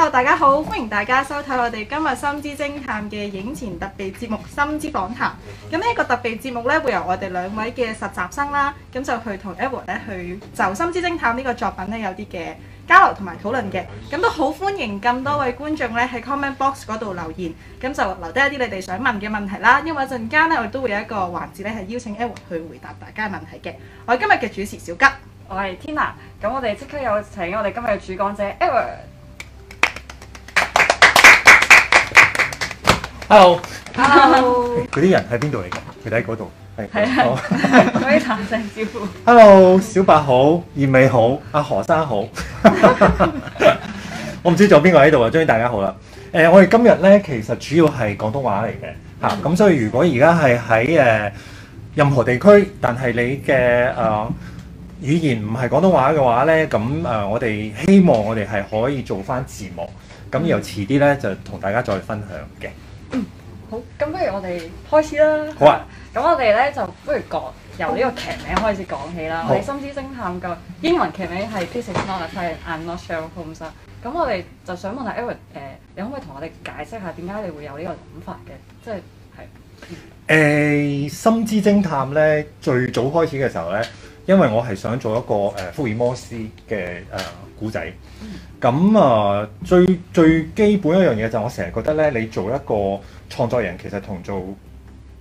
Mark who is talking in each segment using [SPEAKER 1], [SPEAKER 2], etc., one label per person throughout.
[SPEAKER 1] Hello, 大家好，歡迎大家收睇我哋今日《心之偵探》嘅影前特別節目《心之訪談》。咁呢一個特別節目咧，會由我哋兩位嘅實習生啦，咁就去同 Edward 咧去就《心之偵探》呢個作品咧有啲嘅交流同埋討論嘅。咁都好歡迎咁多位觀眾咧喺 comment box 嗰度留言，咁就留低一啲你哋想問嘅問題啦。因為一陣間咧，我都會有一個環節咧係邀請 Edward 去回答大家嘅問題嘅。我係今日嘅主持小吉，我係 Tina。咁
[SPEAKER 2] 我哋即刻有請我哋今日嘅主講者 Edward Hello，Hello，
[SPEAKER 3] 嗰啲人喺邊度嚟㗎？佢哋喺嗰度，係係啊，哦、
[SPEAKER 2] 可以打聲招
[SPEAKER 3] 呼。Hello，小白好，葉美好，阿何生好， 我唔知仲有邊個喺度啊？終於大家好啦。誒、呃，我哋今日咧，其實主要係廣東話嚟嘅嚇。咁、啊、所以如果而家係喺誒任何地區，但係你嘅誒、呃、語言唔係廣東話嘅話咧，咁誒、呃、我哋希望我哋係可以做翻字幕，咁由遲啲咧就同大家再分享嘅。
[SPEAKER 2] 嗯，好，咁不如我哋開始啦。好啊，咁、嗯、我哋咧就不如講由呢個劇名開始講起啦。好《我哋心之偵探》嘅英文劇名係《This is not a Pipe and I am not Sherlock Holmes。咁我哋就想問下 Edward，誒、呃，你可唔可以同我哋解釋下點解你會有這個想、就是嗯欸、呢個諗法嘅？即係，
[SPEAKER 3] 誒，《心之偵探》咧最早開始嘅時候咧。因為我係想做一個誒、呃、福爾摩斯嘅誒古仔，咁、呃、啊、呃、最最基本一樣嘢就係我成日覺得咧，你做一個創作人其實同做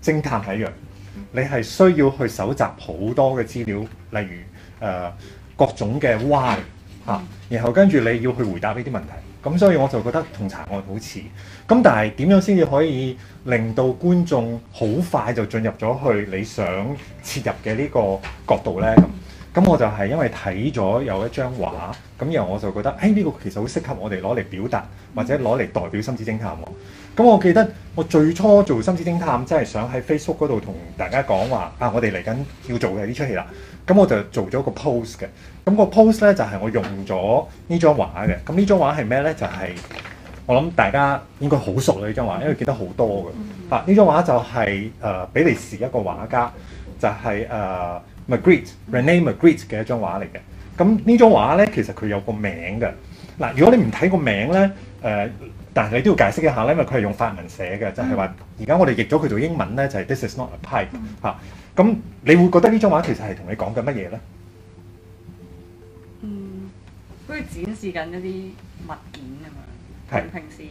[SPEAKER 3] 偵探係一樣，你係需要去搜集好多嘅資料，例如誒、呃、各種嘅 why 嚇、啊，然後跟住你要去回答呢啲問題。咁所以我就覺得同查案好似，咁但係點樣先至可以令到觀眾好快就進入咗去你想切入嘅呢個角度呢？咁咁我就係因為睇咗有一張畫，咁然後我就覺得，誒呢個其實好適合我哋攞嚟表達，或者攞嚟代表《心之偵探》喎。咁我記得我最初做《心之偵探》，真係想喺 Facebook 嗰度同大家講話，啊我哋嚟緊要做嘅呢出戲啦。咁我就做咗個 post 嘅，咁、那個 post 咧就係、是、我用咗呢張畫嘅，咁呢張畫係咩咧？就係、是、我諗大家應該好熟呢張畫，因為見得好多嘅。Mm hmm. 啊，呢張畫就係、是、誒、呃、比利時一個畫家，就係、是、誒、呃、Magritte Rene Magritte 嘅一張畫嚟嘅。咁呢張畫咧，其實佢有個名嘅。嗱、呃，如果你唔睇個名咧，誒、呃。但係、啊、你都要解釋一下咧，因為佢係用法文寫嘅，嗯、就係話而家我哋譯咗佢做英文咧，就係、是、This is not a pipe、嗯。嚇、啊，咁你會覺得呢張畫其實係同你講緊乜嘢咧？嗯，
[SPEAKER 2] 好似展示緊一啲物件咁
[SPEAKER 3] 樣，係是
[SPEAKER 2] 平時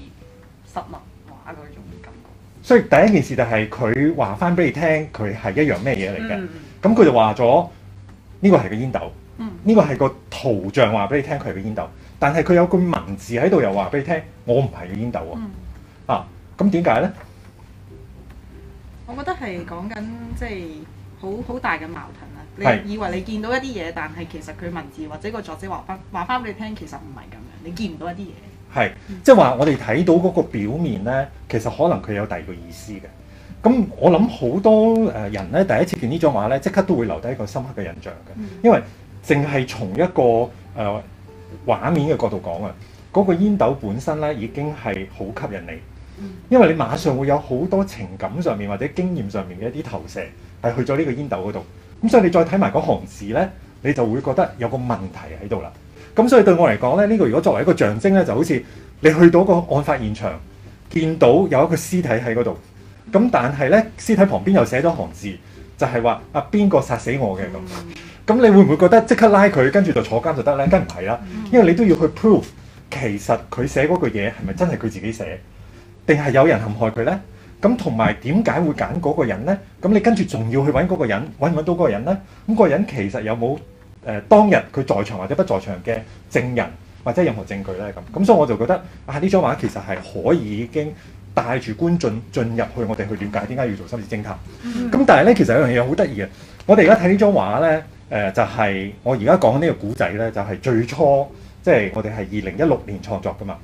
[SPEAKER 4] 實物畫嗰種感
[SPEAKER 3] 覺。所以第一件事就係佢話翻俾你聽，佢係一樣咩嘢嚟嘅？咁佢、嗯、就話咗呢個係個煙斗。呢、嗯、個係個圖像話俾你聽，佢係個煙斗。但係佢有個文字喺度，又話俾你聽：我唔係個煙斗啊，咁點解咧？啊、呢
[SPEAKER 1] 我覺得係講緊即係好好大嘅矛盾啦、啊。是你以為你見到一啲嘢，但係其實佢文字或者個作者話翻話翻俾你聽，其實唔係咁樣。你見唔到一啲嘢。
[SPEAKER 3] 係是，即係話我哋睇到嗰個表面咧，其實可能佢有第二個意思嘅。咁我諗好多誒人咧，第一次見這呢張畫咧，即刻都會留低一個深刻嘅印象嘅，嗯、因為淨係從一個誒。呃畫面嘅角度講啊，嗰個煙斗本身咧已經係好吸引你，因為你馬上會有好多情感上面或者經驗上面嘅一啲投射，係去咗呢個煙斗嗰度。咁所以你再睇埋嗰行字咧，你就會覺得有個問題喺度啦。咁所以對我嚟講咧，呢個如果作為一個象徵咧，就好似你去到個案發現場，見到有一個屍體喺嗰度，咁但係咧屍體旁邊又寫咗行字，就係話啊邊個殺死我嘅咁。嗯咁你會唔會覺得即刻拉佢跟住就坐監就得咧？梗唔係啦，因為你都要去 prove 其實佢寫嗰句嘢係咪真係佢自己寫，定係有人陷害佢咧？咁同埋點解會揀嗰個人咧？咁你跟住仲要去揾嗰個人，揾唔揾到嗰個人咧？咁、嗰個人其實有冇、呃、當日佢在場或者不在場嘅證人或者任何證據咧？咁咁所以我就覺得啊呢張畫其實係可以已經帶住觀眾進入去我哋去了解點解要做心之偵探。咁、mm hmm. 但係咧，其實有樣嘢好得意嘅，我哋而家睇呢張畫咧。誒就係我而家講緊呢個古仔咧，就係、是就是、最初即係、就是、我哋係二零一六年創作噶嘛。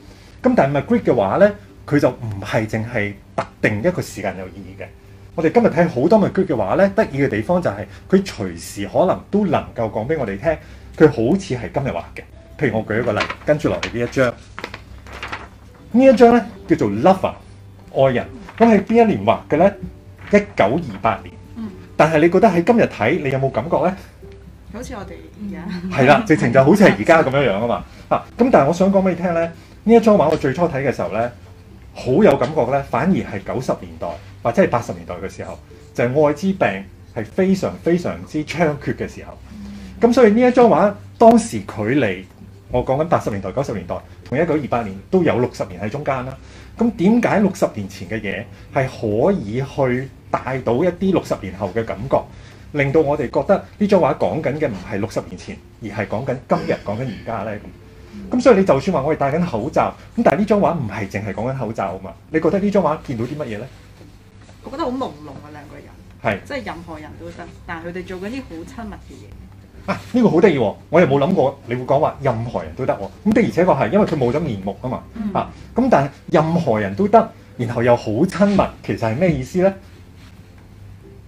[SPEAKER 3] 咁但係 Magritte 嘅畫咧，佢就唔係淨係特定一個時間有意義嘅。我哋今日睇好多 Magritte 嘅畫咧，得意嘅地方就係、是、佢隨時可能都能夠講俾我哋聽，佢好似係今日畫嘅。譬如我舉一個例，跟住落嚟呢一張，呢一張咧叫做 Lover 愛人。咁係邊一年畫嘅咧？一九二八年。嗯。但係你覺得喺今日睇，你有冇感覺咧？好似我哋而家啦， 係直情就好似係而家咁樣樣啊嘛！啊，咁但係我想講俾你聽咧，呢一張畫我最初睇嘅時候咧，好有感覺咧，反而係九十年代或者係八十年代嘅時候，就係、係、愛滋病係非常非常之猖獗嘅時候。咁所以呢一張畫當時距離我講緊八十年代、九十年代同一九二八年都有六十年喺中間啦。咁點解六十年前嘅嘢係可以去帶到一啲六十年後嘅感覺？令到我哋覺得呢張畫講緊嘅唔係六十年前，而係講緊今日，講緊而家咧。咁、嗯、所以你就算話我哋戴緊口罩，咁但係呢張畫唔係淨係講緊口罩啊嘛？你覺得呢張畫見到啲乜嘢咧？我覺
[SPEAKER 1] 得好朦朧啊，兩個人係，是即係任何人都得，但係佢哋做緊啲
[SPEAKER 3] 好親密嘅嘢。啊，呢、這個好得意喎！我又冇諗過你會講話任何人都得喎。咁的而且確係因為佢冇咗面目啊嘛。嗯、啊，咁但係任何人都得，然後又好親密，其實係咩意思咧？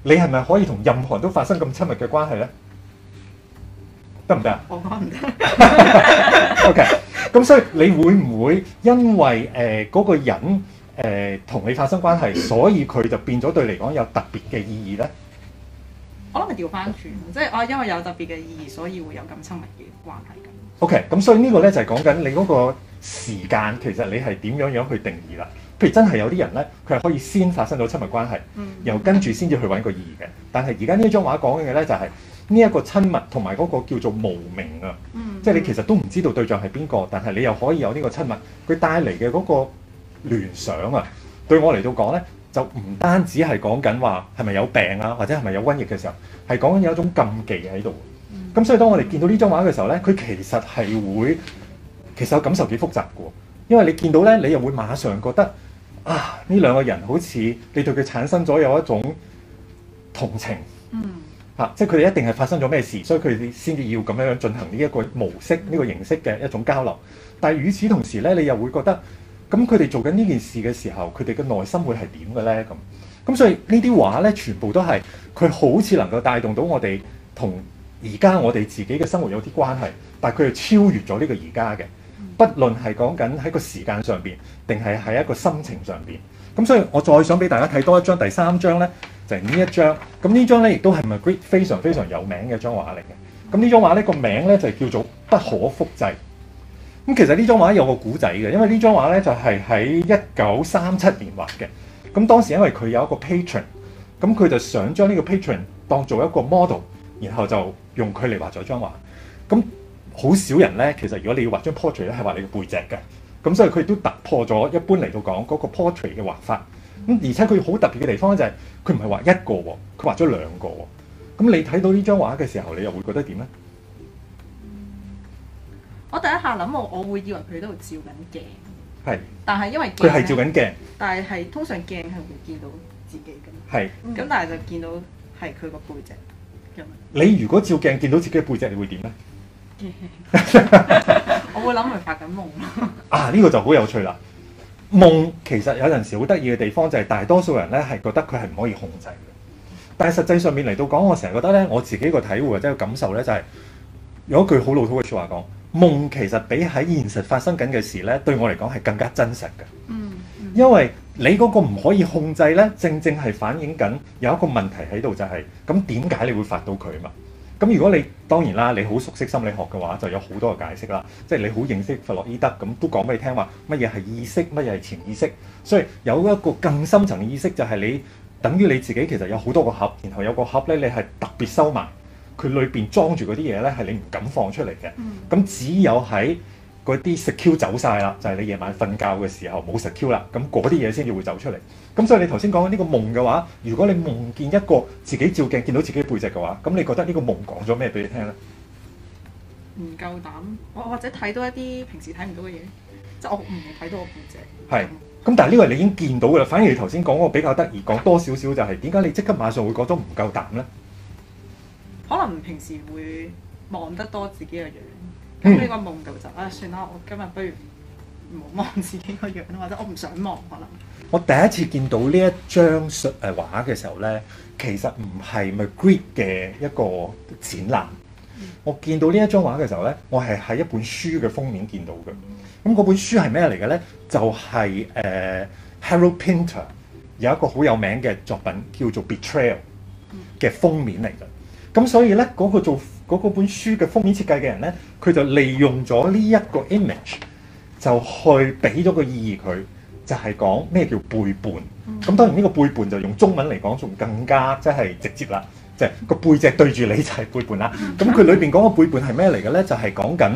[SPEAKER 3] 你係咪可以同任何人都發生咁親密嘅關係咧？得唔得啊？我講唔得。OK，咁所以你會唔會因為誒嗰、呃那個人誒同、呃、你發生關係，所以佢就變咗對你嚟講有特別嘅意義咧？
[SPEAKER 1] 我諗咪調翻轉，即係我因為有特別嘅意義，所以會有咁親密嘅關係
[SPEAKER 3] 的。OK，咁所以這個呢個咧就係、是、講緊你嗰個時間，其實你係點樣樣去定義啦？譬如真係有啲人咧，佢係可以先發生到親密關係，然後跟住先至去搵個意義嘅。但係而家呢一張畫講嘅咧就係呢一個親密同埋嗰個叫做無名啊，即係、嗯、你其實都唔知道對象係邊個，但係你又可以有呢個親密，佢帶嚟嘅嗰個聯想啊，對我嚟到講咧，就唔單止係講緊話係咪有病啊，或者係咪有瘟疫嘅時候，係講緊有一種禁忌喺度。咁所以當我哋見到呢張畫嘅時候咧，佢其實係會，其實有感受幾複雜嘅，因為你見到咧，你又會馬上覺得。啊！呢兩個人好似你對佢產生咗有一種同情，嗯，嚇、啊，即係佢哋一定係發生咗咩事，所以佢哋先至要咁樣樣進行呢一個模式、呢、嗯、個形式嘅一種交流。但係與此同時咧，你又會覺得咁佢哋做緊呢件事嘅時候，佢哋嘅內心會係點嘅咧？咁咁所以這些話呢啲話咧，全部都係佢好似能夠帶動到我哋同而家我哋自己嘅生活有啲關係，但係佢係超越咗呢個而家嘅，不論係講緊喺個時間上邊。定係喺一個心情上邊，咁所以我再想俾大家睇多一張，第三張咧就係、是、呢一張。咁呢張咧亦都係 Magritte 非常非常有名嘅一張畫嚟嘅。咁呢張畫呢，個名咧就叫做《不可複製》。咁其實呢張畫有個古仔嘅，因為這張畫呢張畫咧就係喺一九三七年畫嘅。咁當時因為佢有一個 patron，咁佢就想將呢個 patron 當做一個 model，然後就用佢嚟畫咗張畫。咁好少人咧，其實如果你要畫張 portrait 咧，係畫你個背脊嘅。咁所以佢亦都突破咗一般嚟到講嗰個 portrait 嘅畫法，咁而且佢好特別嘅地方就係佢唔係畫一個喎，佢畫咗兩個喎。咁你睇到呢張畫嘅時候，你又會覺得點咧？
[SPEAKER 1] 我第一下諗我，我會以為佢喺度照緊鏡。係是。但係因為佢係照緊鏡，但係係通常鏡係會見到自己㗎嘛。咁是但係就見到係佢個背脊。咁
[SPEAKER 3] 你如果照鏡見到自己嘅背脊，你會點咧？ 我會諗佢發緊夢啊，呢、呢個就好有趣啦！夢其實有陣時好得意嘅地方就係，大多數人咧係覺得佢係唔可以控制嘅。但係實際上面嚟到講，我成日覺得咧，我自己個體會或者個感受咧，就係、是、有一句好老土嘅説話講，夢其實比喺現實發生緊嘅事咧，對我嚟講係更加真實嘅、嗯。嗯。因為你嗰個唔可以控制咧，正正係反映緊有一個問題喺度、就是，就係咁點解你會發到佢啊嘛？咁如果你當然啦，你好熟悉心理學嘅話，就有好多嘅解釋啦。即係你好認識弗洛伊德，咁都講俾你聽話乜嘢係意識，乜嘢係潛意識。所以有一個更深層嘅意識就係，就係你等於你自己其實有好多個盒，然後有個盒咧，你係特別收埋，佢裏邊裝住嗰啲嘢咧，係你唔敢放出嚟嘅。咁、嗯、只有喺嗰啲 secure 走晒啦，就係、係、你夜晚瞓覺嘅時候冇 secure 啦，咁嗰啲嘢先至會走出嚟。咁所以你頭先講緊講呢個夢嘅話，如果你夢見一個自己照鏡見到自己背脊嘅話，咁你覺得呢個夢講咗咩俾你聽咧？
[SPEAKER 1] 唔夠膽，我或者睇到一啲平時睇唔到嘅嘢，即係我唔睇到我背脊。
[SPEAKER 3] 係，咁但係呢個你已經見到噶啦。反而你頭先講嗰個比較得意，講多少少就係點解你即刻馬上會覺得唔夠膽咧？
[SPEAKER 1] 可能平時會望得多自己嘅樣，咁呢個夢就啊算啦，我今日不如唔好望自己個樣，或者我唔想望可能。
[SPEAKER 3] 我第一次見到呢一張説誒畫嘅時候咧，其實唔係 Magritte 嘅一個展覽。我見到呢一張畫嘅時候咧，我係喺一本書嘅封面見到嘅。咁嗰本書係咩嚟嘅咧？就係、是、誒、呃、Harold Pinter 有一個好有名嘅作品叫做 Betrayal 嘅封面嚟嘅。咁所以咧，嗰、那個做嗰、那個、本書嘅封面設計嘅人咧，佢就利用咗呢一個 image 就去俾咗個意義佢。就係講咩叫背叛？咁當然呢個背叛就用中文嚟講仲更加即係直接啦，即係個背脊對住你就係背叛啦。咁佢裏邊講個背叛係咩嚟嘅咧？就係講緊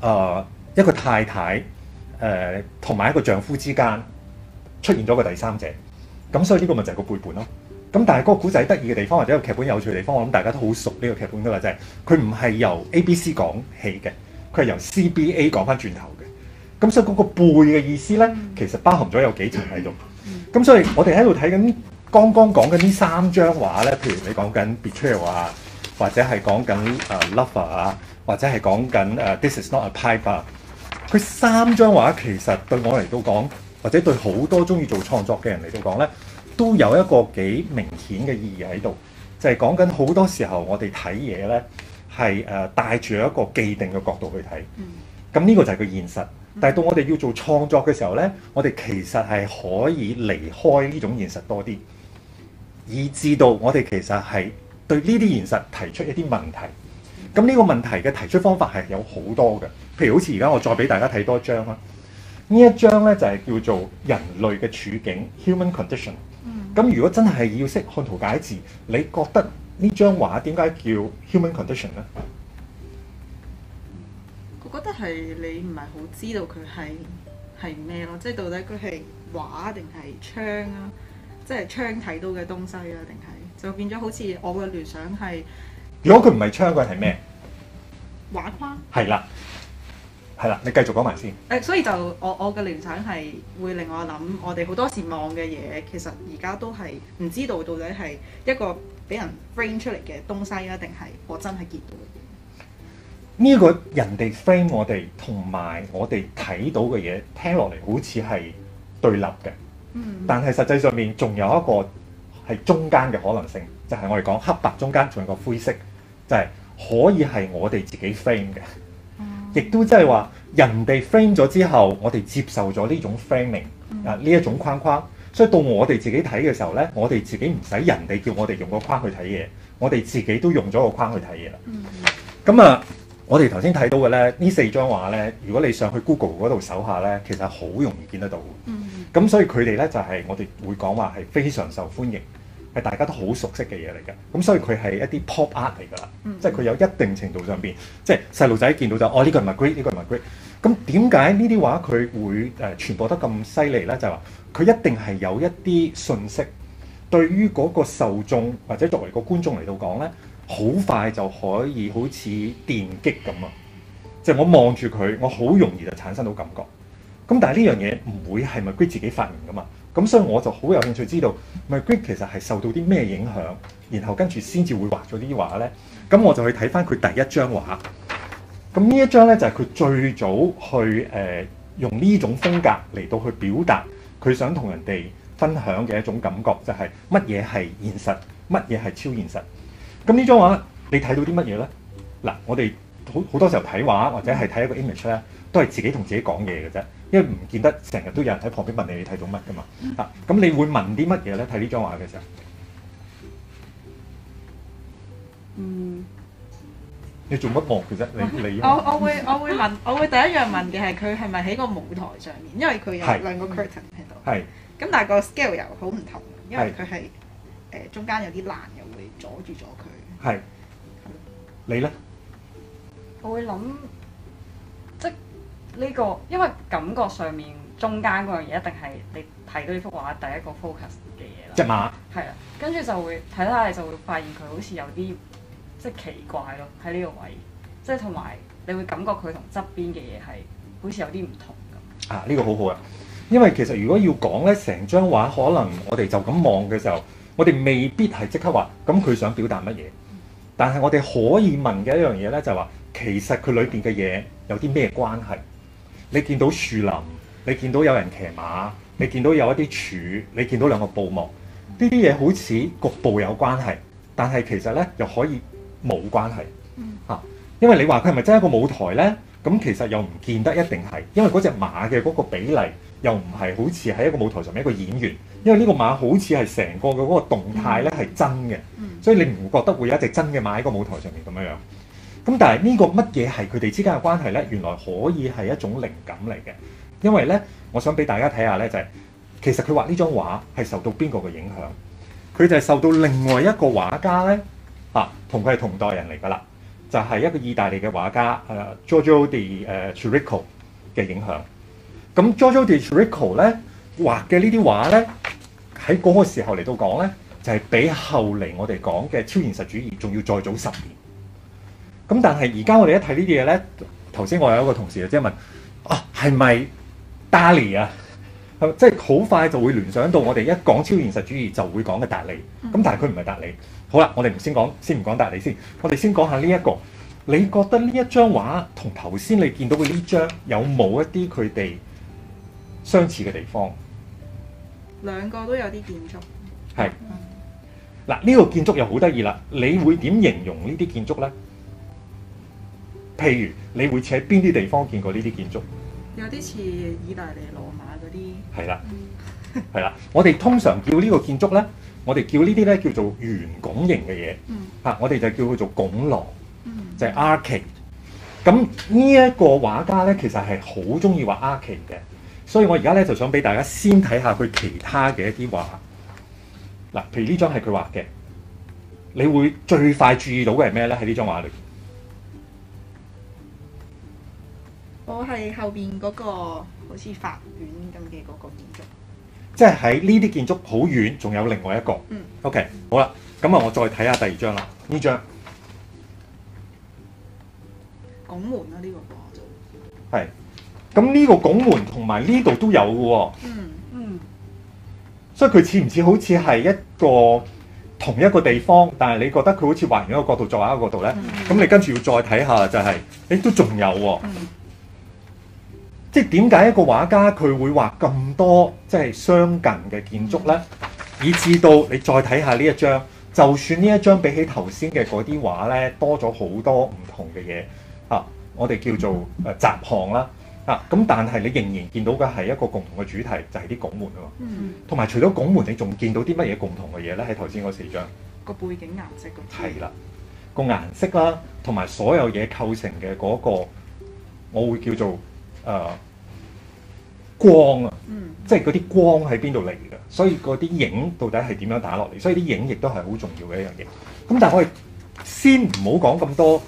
[SPEAKER 3] 誒一個太太誒同埋一個丈夫之間出現咗個第三者，咁所以呢個咪就係個背叛咯。咁但係嗰個古仔得意嘅地方或者個劇本有趣嘅地方，我諗大家都好熟呢個劇本噶啦，就係佢唔係由 A B C 講起嘅，佢係由 C B A 講翻轉頭嘅。咁所以嗰個背嘅意思咧，其實包含咗有幾層喺度。咁所以我們在裡看，我哋喺度睇緊剛剛講緊呢三張畫咧，譬如你講緊《betrayal》啊，或者係講緊《Lover》啊，或者係講緊《This Is Not A Pipe》佢三張畫其實對我嚟到講，或者對好多中意做創作嘅人嚟到講咧，都有一個幾明顯嘅意義喺度，就係、是、講緊好多時候我哋睇嘢咧，係帶住一個既定嘅角度去睇。咁呢個就係個現實。但係到我哋要做創作嘅時候咧，我哋其實係可以離開呢種現實多啲，以至到我哋其實係對呢啲現實提出一啲問題。咁呢個問題嘅提出方法係有好多嘅，譬如好似而家我再俾大家睇多一張啦。這一張呢一張咧就係叫做人類嘅處境 （human condition）。咁、嗯、如果真係要識看圖解字，你覺得呢張畫點解叫 human condition 咧？
[SPEAKER 1] 覺得係你唔係好知道佢係係咩咯，即係到底佢係畫定係窗啊？即係窗睇到嘅東西啊，定係就變咗好似我嘅聯想係。
[SPEAKER 3] 如果佢唔係窗，佢係咩？
[SPEAKER 1] 畫框畫。
[SPEAKER 3] 係啦，係啦，你繼續講埋先。
[SPEAKER 1] 誒，uh, 所以就我我嘅聯想係會令我諗，我哋好多時望嘅嘢，其實而家都係唔知道到底係一個俾人 frame 出嚟嘅東西啊，定係我真係見到嘅嘢。
[SPEAKER 3] 呢個人哋 frame 我哋，同埋我哋睇到嘅嘢，聽落嚟好似係對立嘅。嗯、mm。Hmm. 但係實際上面仲有一個係中間嘅可能性，就係、是、我哋講黑白中間仲有個灰色，就係、是、可以係我哋自己 frame 嘅。亦都即係話人哋 frame 咗之後，我哋接受咗呢種 framing 啊呢一、mm hmm. 種框框，所以到我哋自己睇嘅時候咧，我哋自己唔使人哋叫我哋用個框去睇嘢，我哋自己都用咗個框去睇嘢啦。咁啊、mm、～、hmm. 我哋頭先睇到嘅咧，四張畫呢四張畫咧，如果你上去 Google 嗰度搜下咧，其實好容易見得到嘅。咁、嗯、所以佢哋咧就係、是、我哋會講話係非常受歡迎，係大家都好熟悉嘅嘢嚟嘅。咁所以佢係一啲 pop art 嚟㗎啦，嗯、即係佢有一定程度上面，嗯、即係細路仔見到就哦呢、呢個係 Magritte，呢個係 Magritte。咁點解呢啲畫佢會誒傳播得咁犀利咧？就係話佢一定係有一啲信息對於嗰個受眾或者作為個觀眾嚟到講咧。好快就可以好似電擊咁啊！即係我望住佢，我好容易就產生到感覺。咁但係呢樣嘢唔會係 Magritte 自己發明噶嘛？咁所以我就好有興趣知道、Magritte 其實係受到啲咩影響，然後跟住先至會畫咗啲畫咧。咁我就去睇翻佢第一張畫。咁呢一張咧就係佢最早去、呃、用呢種風格嚟到去表達佢想同人哋分享嘅一種感覺，就係乜嘢係現實，乜嘢係超現實。咁呢張畫你睇到啲乜嘢咧？嗱，我哋好好多時候睇畫或者係睇一個 image 咧，都係自己同自己講嘢嘅啫，因為唔見得成日都有人喺旁邊問你，你睇到乜㗎嘛。嚇，咁你會問啲乜嘢咧？睇呢張畫嘅時候，嗯，你做乜望佢啫？你你我我
[SPEAKER 1] 會我會問，我會第一樣問嘅係佢係咪喺個舞台上面？因為佢有兩個 curtain 喺度，係咁，但係個 scale 又好唔同，因為佢係誒中間有啲欄又會阻住咗佢。
[SPEAKER 3] 係，你咧？
[SPEAKER 1] 我會諗，
[SPEAKER 2] 即呢個，因為感覺上面中間嗰樣嘢一定係你睇到呢幅畫第一個 focus 嘅嘢啦。隻馬係啊，跟住就會睇睇下，你就會發現佢好似有啲即係奇怪咯，喺呢個位，即係同埋你會感覺佢同側邊嘅嘢係好似有啲唔同
[SPEAKER 3] 咁。啊，呢個好好啊！因為其實如果要講咧，成張畫可能我哋就咁望嘅時候，我哋未必係即刻話咁佢想表達乜嘢。但係我哋可以問嘅一樣嘢咧，就係話其實佢裏邊嘅嘢有啲咩關係？你見到樹林，你見到有人騎馬，你見到有一啲柱，你見到兩個布幕，呢啲嘢好似局部有關係，但係其實咧又可以冇關係嚇、啊。因為你話佢係咪真係一個舞台咧？咁其實又唔見得一定係，因為嗰隻馬嘅嗰個比例又唔係好似喺一個舞台上面一個演員。因為呢個馬好似係成個嘅嗰個動態咧係真嘅，所以你唔覺得會有一隻真嘅馬喺個舞台上面咁樣樣？咁但係呢個乜嘢係佢哋之間嘅關係咧？原來可以係一種靈感嚟嘅，因為咧，我想俾大家睇下咧，就係、是、其實佢畫呢張畫係受到邊個嘅影響？佢就係受到另外一個畫家咧嚇，同佢係同代人嚟噶啦，就係、是、一個意大利嘅畫家誒、呃、，Giorgio de Chirico 嘅影響。咁 Giorgio de Chirico 咧。畫嘅呢啲畫咧，喺嗰個時候嚟到講咧，就係比後嚟我哋講嘅超現實主義仲要再早十年。咁但係而家我哋一睇呢啲嘢咧，頭先我有一個同事啊，即係問啊係咪達利啊？係咪即係好快就會聯想到我哋一講超現實主義就會講嘅達利？咁但係佢唔係達利。好啦，我哋先講先唔講達利先，我哋先講下呢一個。你覺得呢一張畫同頭先你見到嘅呢張有冇一啲佢哋相似嘅地方？兩
[SPEAKER 1] 個
[SPEAKER 3] 都有啲建築，係，嗱呢個建築又好得意啦！你會點形容這些築呢啲建築咧？譬如你會似喺邊啲地方見過呢啲建築？有
[SPEAKER 1] 啲似意大利羅馬嗰啲，係啦了，
[SPEAKER 3] 係啦、嗯。 我哋通常叫呢個建築咧，我哋叫這些呢啲咧叫做圓拱形嘅嘢，嚇、嗯啊、我哋就叫佢做拱廊，嗯、就係 arcade。咁呢一個畫家咧，其實係好中意畫 arcade 嘅。所以我而家咧就想俾大家先睇下佢其他嘅一啲畫。嗱，譬如呢張係佢畫嘅，你會最快注意到嘅係咩咧？喺呢張畫裏
[SPEAKER 1] 邊，我係後邊嗰、嗰個好似法院咁嘅嗰個建築。
[SPEAKER 3] 即係喺呢啲建築好遠，仲有另外一個。嗯。O、okay, K，好啦，咁啊，我再睇下第二張啦。呢張
[SPEAKER 1] 拱門啦、啊，呢、呢個建
[SPEAKER 3] 築咁呢個拱門同埋呢度都有喎，嗯嗯，所以佢似唔似好似係一個同一個地方？但係你覺得佢好似畫完一個角度再畫一個角度咧？咁你跟住要再睇下就係，誒都仲有喎，即係點解一個畫家佢會畫咁多即係相近嘅建築咧？以至到你再睇下呢一張，就算呢一張比起頭先嘅嗰啲畫咧多咗好多唔同嘅嘢、啊、我哋叫做誒雜項啦。嗱，咁、啊、但係你仍然見到嘅係一個共同嘅主題，就係、是、啲拱門啊嘛。嗯。同埋除咗拱門，你仲見到啲乜嘢共同嘅嘢咧？喺頭先嗰四張。
[SPEAKER 1] 個背景顏色嗰。係
[SPEAKER 3] 啦，個顏色啦，同埋所有嘢構成嘅嗰、那個，我會叫做誒、呃、光啊。嗯、即係嗰啲光喺邊度嚟嘅。所以嗰啲影到底係點樣打落嚟？所以啲影亦都係好重要嘅一樣嘢。咁但係我哋先唔好講咁多誒，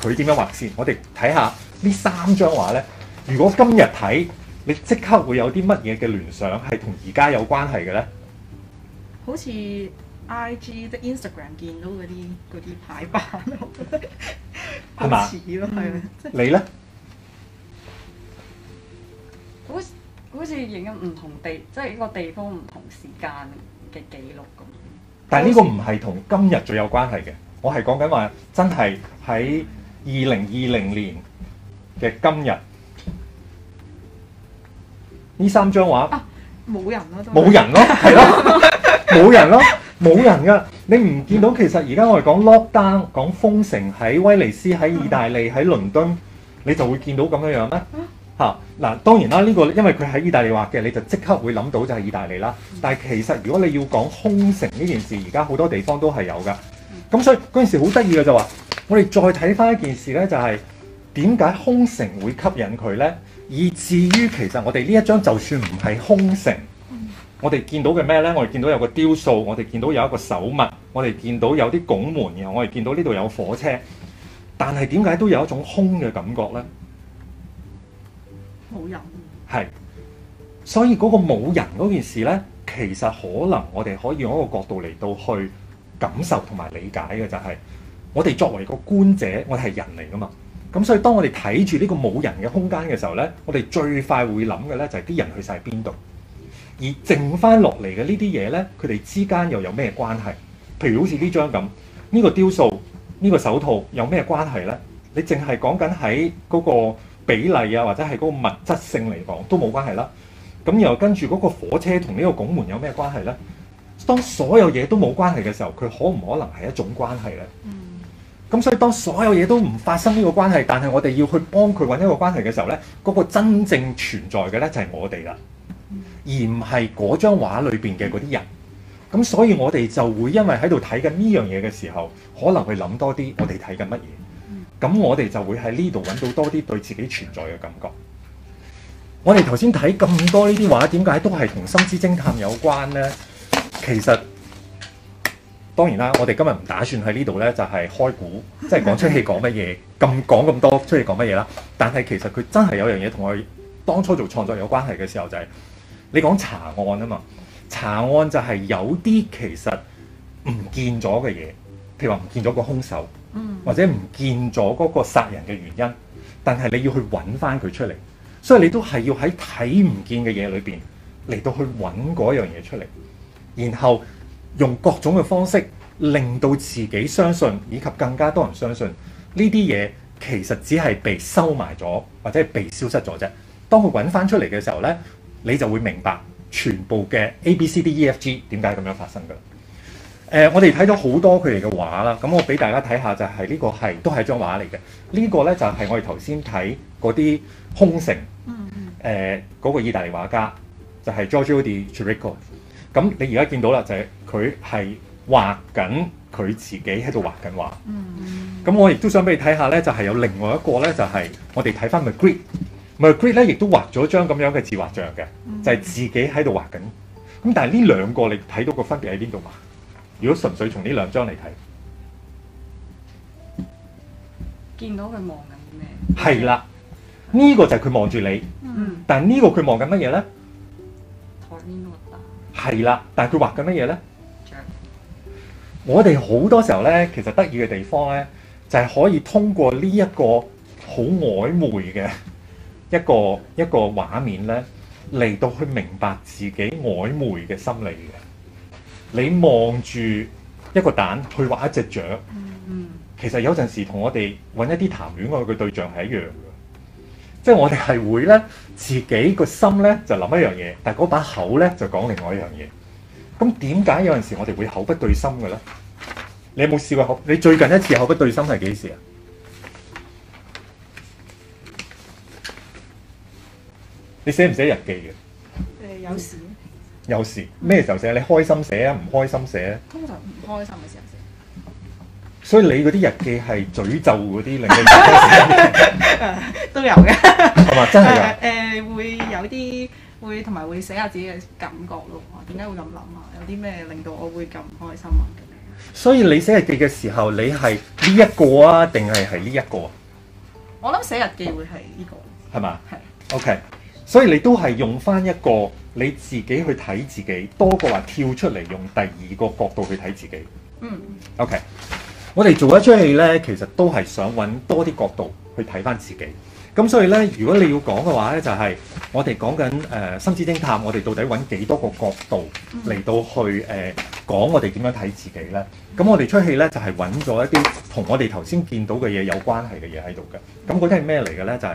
[SPEAKER 3] 佢點樣畫先？我哋睇下呢三張畫咧。如果今日睇，你即刻會有啲乜嘢嘅聯想，係同而家有關係嘅咧？
[SPEAKER 1] 好似 IG 即 Instagram 見到嗰啲嗰啲排版，係咪啊？似咯，係啊！你咧？
[SPEAKER 2] 好好似影咗唔同地，即係一個地方唔同時間嘅記錄咁。
[SPEAKER 3] 但係呢個唔係同今日最有關係嘅，我係講緊話真係喺二零二零年嘅今日。呢三張畫，
[SPEAKER 1] 冇、啊、人
[SPEAKER 3] 咯冇人咯，係咯，冇 人咯，冇人噶。你唔見到其實而家我哋講 lock down，講封城喺威尼斯、喺意大利、喺倫敦，你就會見到咁樣樣咩？嚇嗱、啊啊，當然啦，呢、這個因為佢喺意大利畫嘅，你就即刻會諗到就係意大利啦。但係其實如果你要講空城呢件事，而家好多地方都係有噶。咁所以嗰陣時好得意嘅就話、是，我哋再睇翻一件事咧、就是，就係。點解空城會吸引佢呢？以至於其實我哋呢一張就算唔係空城，我哋見到嘅咩呢？我哋見到有個雕塑，我哋見到有一個手物，我哋見到有啲拱門，然後我哋見到呢度有火車，但係點解都有一種空嘅感覺呢？
[SPEAKER 1] 冇人。
[SPEAKER 3] 係，所以嗰個冇人嗰件事呢，其實可能我哋可以用一個角度嚟到去感受同埋理解嘅就係、是，我哋作為一個觀者，我哋係人嚟噶嘛。咁所以當我哋睇住呢個冇人嘅空間嘅時候咧，我哋最快會諗嘅咧就係啲人去晒邊度，而剩翻落嚟嘅呢啲嘢咧，佢哋之間又有咩關係？譬如好似呢張咁，呢個雕塑、呢個手套有咩關係咧？你淨係講緊喺嗰個比例啊，或者係嗰個物質性嚟講都冇關係啦。咁又跟住嗰個火車同呢個拱門有咩關係咧？當所有嘢都冇關係嘅時候，佢可唔可能係一種關係咧？嗯咁所以當所有嘢都唔發生呢個關係，但係我哋要去幫佢揾一個關係嘅時候，呢嗰、個真正存在嘅呢，就係我哋啦，而唔係嗰張畫裏邊嘅嗰啲人。咁所以我哋就會因為喺度睇緊呢樣嘢嘅時候，可能會諗多啲我哋睇緊乜嘢。咁我哋就會喺呢度揾到多啲對自己存在嘅感覺。我哋頭先睇咁多呢啲畫，點解都係同心之偵探有關呢？其實。當然啦，我哋今日唔打算喺呢度咧，就係、是、開估，即、就、係、是、講出嚟講乜嘢咁講咁多出嚟講乜嘢啦。但係其實佢真係有樣嘢同我當初做創作有關係嘅時候、就是，就係你講查案啊嘛，查案就係有啲其實唔見咗嘅嘢，譬如話唔見咗個兇手，或者唔見咗嗰個殺人嘅原因，但係你要去揾返佢出嚟，所以你都係要喺睇唔見嘅嘢裏邊嚟到去揾嗰樣嘢出嚟，然後，用各種嘅方式令到自己相信，以及更加多人相信呢啲嘢，其實只係被收埋咗，或者係被消失咗啫。當佢揾翻出嚟嘅時候咧，你就會明白全部嘅 A、B、C、D、E、F、G 點解咁樣發生㗎。誒、呃，我哋睇到好多佢哋嘅畫啦，咁我俾大家睇下就係、是這個、呢個係都係張畫嚟嘅。呢個咧就係、是、我哋頭先睇嗰啲空城，誒、呃、嗰、那個意大利畫家就係 Giorgio de Chirico 咁你而家見到啦，就係、是。就是佢係畫緊佢自己喺度畫緊畫。咁、嗯、我亦都想俾你睇下咧，就係有另外一個咧、er，就係我哋睇翻 Magritte，Magritte 咧亦都畫咗張咁樣嘅自畫像嘅，嗯、就係自己喺度畫緊。咁但係呢兩個你睇到個分別喺邊度嘛？如果純粹從呢兩張嚟睇，
[SPEAKER 2] 見到佢望緊
[SPEAKER 3] 咩？係啦，呢、呢個就係佢望住你。
[SPEAKER 4] 嗯、
[SPEAKER 3] 但係呢個佢望緊乜嘢咧？
[SPEAKER 4] 台面嗰度。
[SPEAKER 3] 係啦，但係佢畫緊乜嘢咧？我哋好多時候咧，其實得意嘅地方咧，就係可以通過呢一個好曖昧嘅一個一個畫面咧，嚟到去明白自己曖昧嘅心理嘅。你望住一個蛋去畫一隻雀，其實有陣時同我哋揾一啲談戀愛嘅對象係一樣嘅，即係我哋係會咧自己個心咧就諗一樣嘢，但係嗰把口咧就講另外一樣嘢。咁點解有陣時我哋會口不對心嘅咧？你有冇試過口？你最近一次口不對心係幾時啊？你寫唔寫日記嘅？誒有時。有時咩時候寫？你開心寫啊，唔開心寫。通常唔
[SPEAKER 1] 開心嘅時候
[SPEAKER 3] 寫。所以你嗰啲日記係詛咒嗰啲令你唔開心嘅，都有嘅。係嘛？真係㗎。誒
[SPEAKER 1] 會有啲。會同埋會寫下自己嘅感覺咯，點解會咁諗啊？有啲咩令到我會咁開心啊？
[SPEAKER 3] 所以你寫日記嘅時候，你係呢一個啊，定係係呢一個啊？
[SPEAKER 1] 我諗寫日記會係呢個。
[SPEAKER 3] 係嘛？係。OK，所以你都係用翻一個你自己去睇自己，多過話跳出嚟用第二個角度去睇自己。
[SPEAKER 4] 嗯。
[SPEAKER 3] OK，我哋做一齣戲呢，其實都係想揾多啲角度去睇翻自己。咁所以咧，如果你要講嘅話咧，就係我哋講緊誒《心之偵探》，我哋到底揾幾多個角度嚟到去誒講我哋點樣睇自己咧？咁我哋出戲咧，就係揾咗一啲同我哋頭先見到嘅嘢有關係嘅嘢喺度嘅。咁嗰啲係咩嚟嘅咧？就係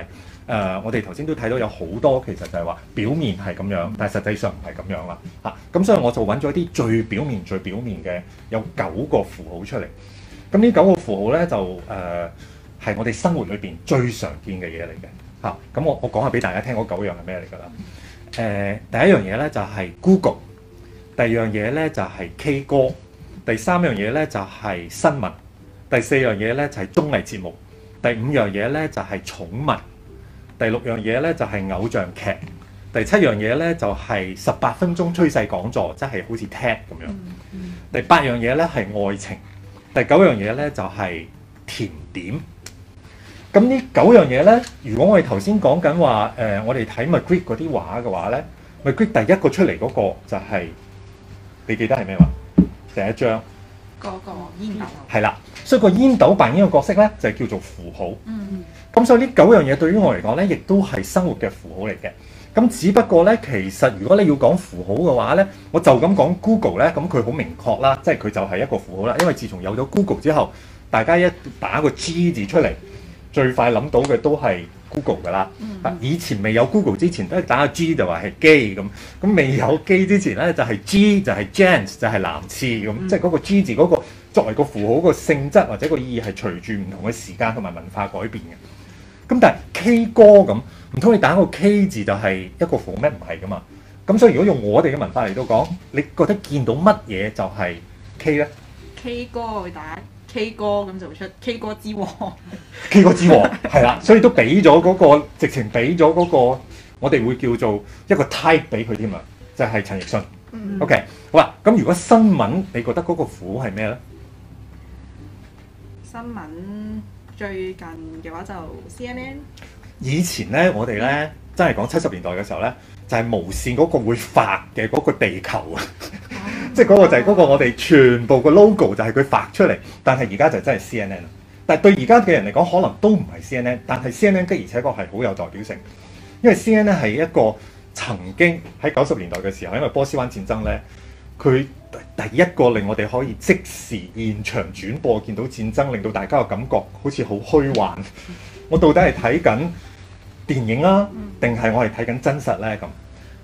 [SPEAKER 3] 誒我哋頭先都睇到有好多，其實就係話表面係咁樣，但係實際上唔係咁樣啦吓。咁所以我就揾咗一啲最表面、最表面嘅有九個符號出嚟。咁呢九個符號咧就誒。呃係我哋生活裏邊最常見嘅嘢嚟嘅嚇。咁我我講下俾大家聽嗰九樣係咩嚟㗎啦。誒第一樣嘢咧就係 Google，第二樣嘢咧就係 K 歌，第三樣嘢咧就係新聞，第四樣嘢咧就係綜藝節目，第五樣嘢咧就係寵物，第六樣嘢咧就係偶像劇，第七樣嘢咧就係十八分鐘趨勢講座，即係好似 t 聽咁
[SPEAKER 4] 樣。
[SPEAKER 3] 第八樣嘢咧係愛情，第九樣嘢咧就係甜點。咁呢九樣嘢咧，如果我哋頭先講緊話，呃、我哋睇麥克瑞嗰啲畫嘅話咧，麥克瑞第一個出嚟嗰個就係、是、你記得係咩話？第、就是、一張
[SPEAKER 1] 嗰個煙斗
[SPEAKER 3] 係啦，所以個煙斗扮演嘅角色咧，就係叫做符號。嗯，咁所以呢九樣嘢對於我嚟講咧，亦都係生活嘅符號嚟嘅。咁只不過咧，其實如果你要講符號嘅話咧，我就咁講 Google 咧，咁佢好明確啦，即係佢就係一個符號啦。因為自從有咗 Google 之後，大家一打個 G 字出嚟。最快諗到嘅都係 Google 噶啦，嗯、以前未有 Google 之前都係打下 G 就話係機咁，咁是 G, 未有機之前咧就係、是、G 就係 g e n t s,、嗯、 就係男次。咁，即係嗰個 G 字嗰、那個作為個符號個性質或者個意義係隨住唔同嘅時間同埋文化改變嘅。咁但係 K 歌咁，唔通你打個 K 字就係一個符 o 咩？唔係噶嘛？咁所以如果用我哋嘅文化嚟到講，你覺得見到乜嘢就係
[SPEAKER 1] K 咧？K 歌會打。K 歌咁就
[SPEAKER 3] 出 K 歌之王 ，K 歌之王係啦，所以都俾咗嗰個，直情俾咗嗰個，我哋會叫做一個 type 俾佢添啊，就係、是、陳奕迅。OK，、嗯、好啦，咁如果新聞你覺得嗰個苦係咩咧？新
[SPEAKER 1] 聞最近嘅話就
[SPEAKER 3] CNN。以前咧，我哋咧真係講七十年代嘅時候咧。就係無線嗰個會發嘅嗰個地球啊，即係嗰個就係嗰個我哋全部個 logo 就係佢發出嚟，但係而家就真係 CNN 啦。但係對而家嘅人嚟講，可能都唔係 CNN，但係 CNN 嘅，而且確係好有代表性，因為 CNN 係一個曾經喺九十年代嘅時候，因為波斯灣戰爭呢，佢第一個令我哋可以即時現場轉播見到戰爭，令到大家嘅感覺好似好虛幻。我到底係睇緊電影啦，定係我哋睇緊真實咧咁。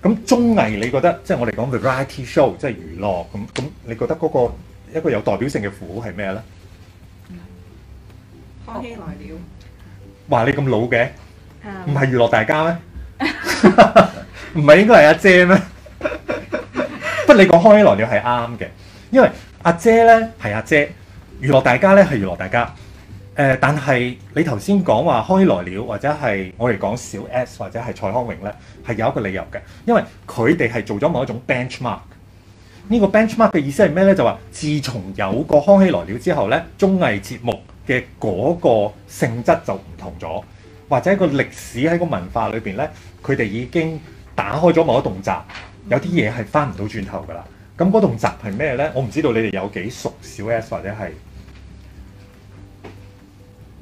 [SPEAKER 3] 咁綜藝，你覺得即係我哋講嘅 variety show，即係娛樂咁咁，你覺得嗰個一個有代表性嘅符號係咩咧？
[SPEAKER 1] 康
[SPEAKER 3] 熙來了。哇！你咁老嘅，唔係娛樂大家咩？唔係應該係阿姐咩？不過你講康熙來了係啱嘅，因為阿姐咧係阿姐，娛樂大家咧係娛樂大家。呃、但係你頭先講話《康熙來了》，或者係我哋講小 S，或者係蔡康永呢，係有一個理由嘅，因為佢哋係做咗某一種 benchmark。呢個 benchmark 嘅意思係咩呢？就話自從有個《康熙來了》之後呢，綜藝節目嘅嗰個性質就唔同咗，或者個歷史喺個文化裏邊呢，佢哋已經打開咗某一棟閘，有啲嘢係翻唔到轉頭噶啦。咁嗰棟閘係咩呢？我唔知道你哋有幾熟小 S 或者係。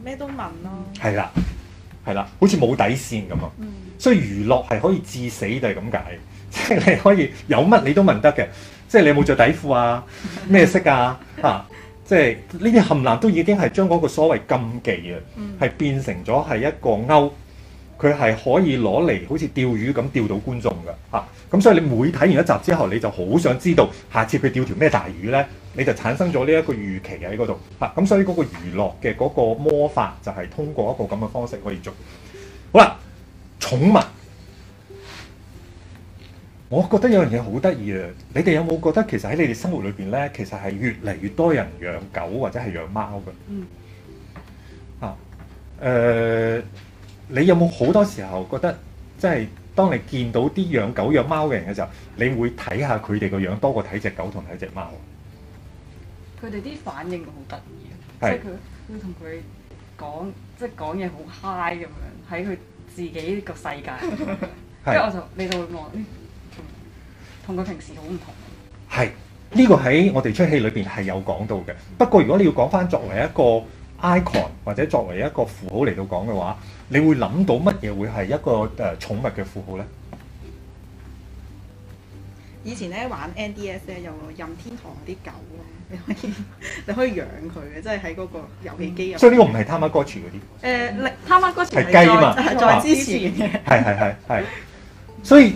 [SPEAKER 3] 咩都問咯、啊，係啦，係啦，好似冇底線咁啊！嗯、所以娛樂係可以致死就係咁解，即係你可以有乜你都問得嘅，即、就、係、係、你有冇着底褲啊？咩色啊？嚇、 啊！即係呢啲冚唥都已經係將嗰個所謂禁忌啊，係、嗯、變成咗係一個勾。佢係可以攞嚟好似釣魚咁釣到觀眾噶嚇，咁所以你每睇完一集之後，你就好想知道下次佢釣條咩大魚咧，你就產生咗呢一個預期喺嗰度嚇，咁所以嗰個娛樂嘅嗰個魔法就係通過一個咁嘅方式可以做。好啦，寵物，我覺得有樣嘢好得意啊！你哋有冇覺得其實喺你哋生活裏邊咧，其實係越嚟越多人養狗或者係養貓嘅？啊呃你有冇好多時候覺得，即係當你見到啲養狗養貓嘅人嘅時候，你會睇下佢哋個樣多過睇隻狗同睇隻貓？
[SPEAKER 2] 佢哋啲反應好得意，即係佢會同佢講，即係講嘢好 high 咁樣喺佢自己個世界。跟住我就你就會望，嗯，同佢平時好唔同。
[SPEAKER 3] 係，呢個喺我哋出戲裏邊係有講到嘅。不過如果你要講返作為一個 icon 或者作為一個符號嚟到講嘅話。你會諗到乜嘢會係一個誒寵物嘅符號咧？
[SPEAKER 1] 以前咧玩 NDS 咧又任天堂啲狗你可以你可以養佢嘅，即係喺嗰個遊
[SPEAKER 3] 戲機入面、嗯。所以呢個唔係
[SPEAKER 1] Tamagotchi 嗰啲。誒、呃、Tamagotchi 係雞嘛？再之前嘅。
[SPEAKER 3] 係係係係。所以